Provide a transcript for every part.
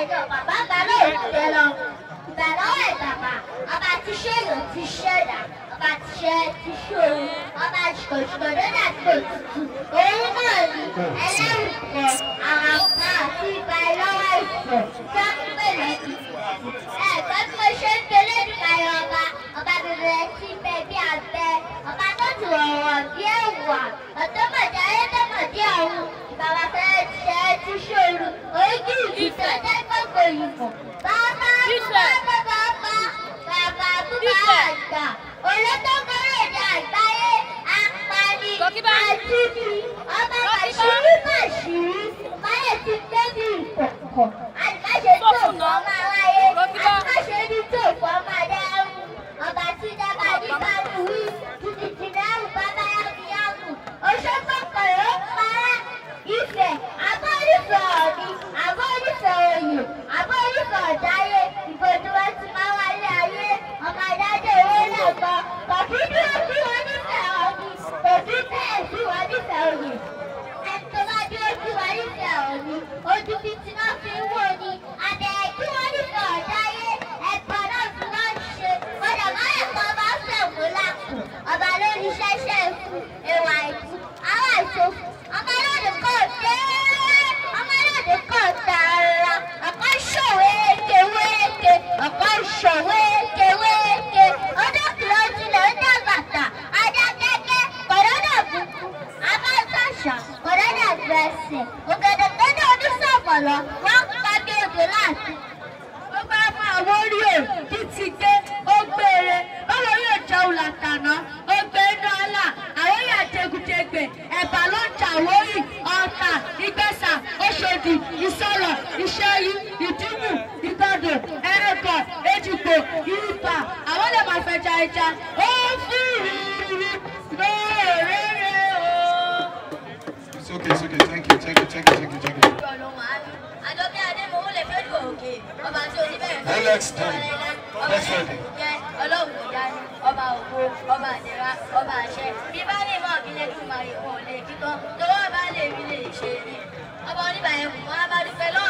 ìjọba bàbá náà ìjọba lọ ìgbà lọ́wọ́ ìjọba ọba ti ṣèyàn ti ṣẹ̀dá ọba ti ṣe ti ṣòro ọba ṣùkọ̀ṣùkọ̀ lọ́dà tó tutù òun náà ni ẹlẹ́rù pọ̀ àwọn àti ìgbà lọ́wọ́ ìfọ̀ tó ń pè lẹ́bi. ẹ̀gbọ́n tí Ifẹ̀ dẹ́gbẹ̀gbẹ̀ ìbò. Bàbá àgbà bàbá àgbà bàbá àgbà àgbà olótó kọ́rọ̀dé àgbáyé apani àjíbi ọba bàṣírí bàṣírí báyẹ̀ ti débi ìkọ̀kọ̀. ṣẹ̀ṣẹ̀ ikú ìwà ìkú àwọn ìṣòfò ọmọlódé kò dé ọmọlódé kò tààrà ọ̀pọ̀ ìṣòwò èké wéèké ọ̀pọ̀ ìṣòwò èké wéèké ọdún kìlọ̀ tilẹ̀ ń dàgbàtà ajá kẹ́kẹ́ kọ̀dọ́dọ̀ kúkú abáṣàṣà kọ̀dọ́dọ̀ gbẹ̀sẹ̀ ògèdè tẹ́lẹ̀ ọdún sọ̀bọ̀lọ̀ wọ́n pa bí òjò láti. ó bá máa wọ́n rí ò kí ti gbé ó gbé Ẹ̀bà ló ń jà wórì Ọ̀tà Ìgbẹ̀sà Ọ̀ṣọ́dì Ìsọ̀lọ̀ Ìṣẹ́yí Ìdímù Ìgbàdò Ẹ̀rẹ̀kọ̀ Èjìgbò Ìbà àwọn lè máa fẹja ẹja ó fìrí lóòrè rẹ̀ It's okay, it's okay. Thank you, thank you, thank you, thank you, thank you. Adọ́kẹ́ Adémọ́wó lè fẹ́ dùn ọlọ́run kò dání ọba ògo ọba àdẹ̀rà ọba àṣẹ bí bá lè mọ̀ kí lẹ́dùn màrí wọn ò lè kíkọ́ torí ọba lè rí lè ṣe ni ọba oníbàyẹ̀wò wọn á bá dúpẹ́ lọ́wọ́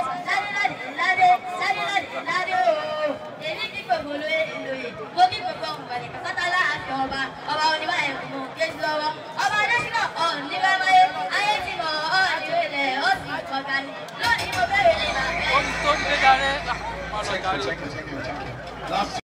second, second, second, second. Last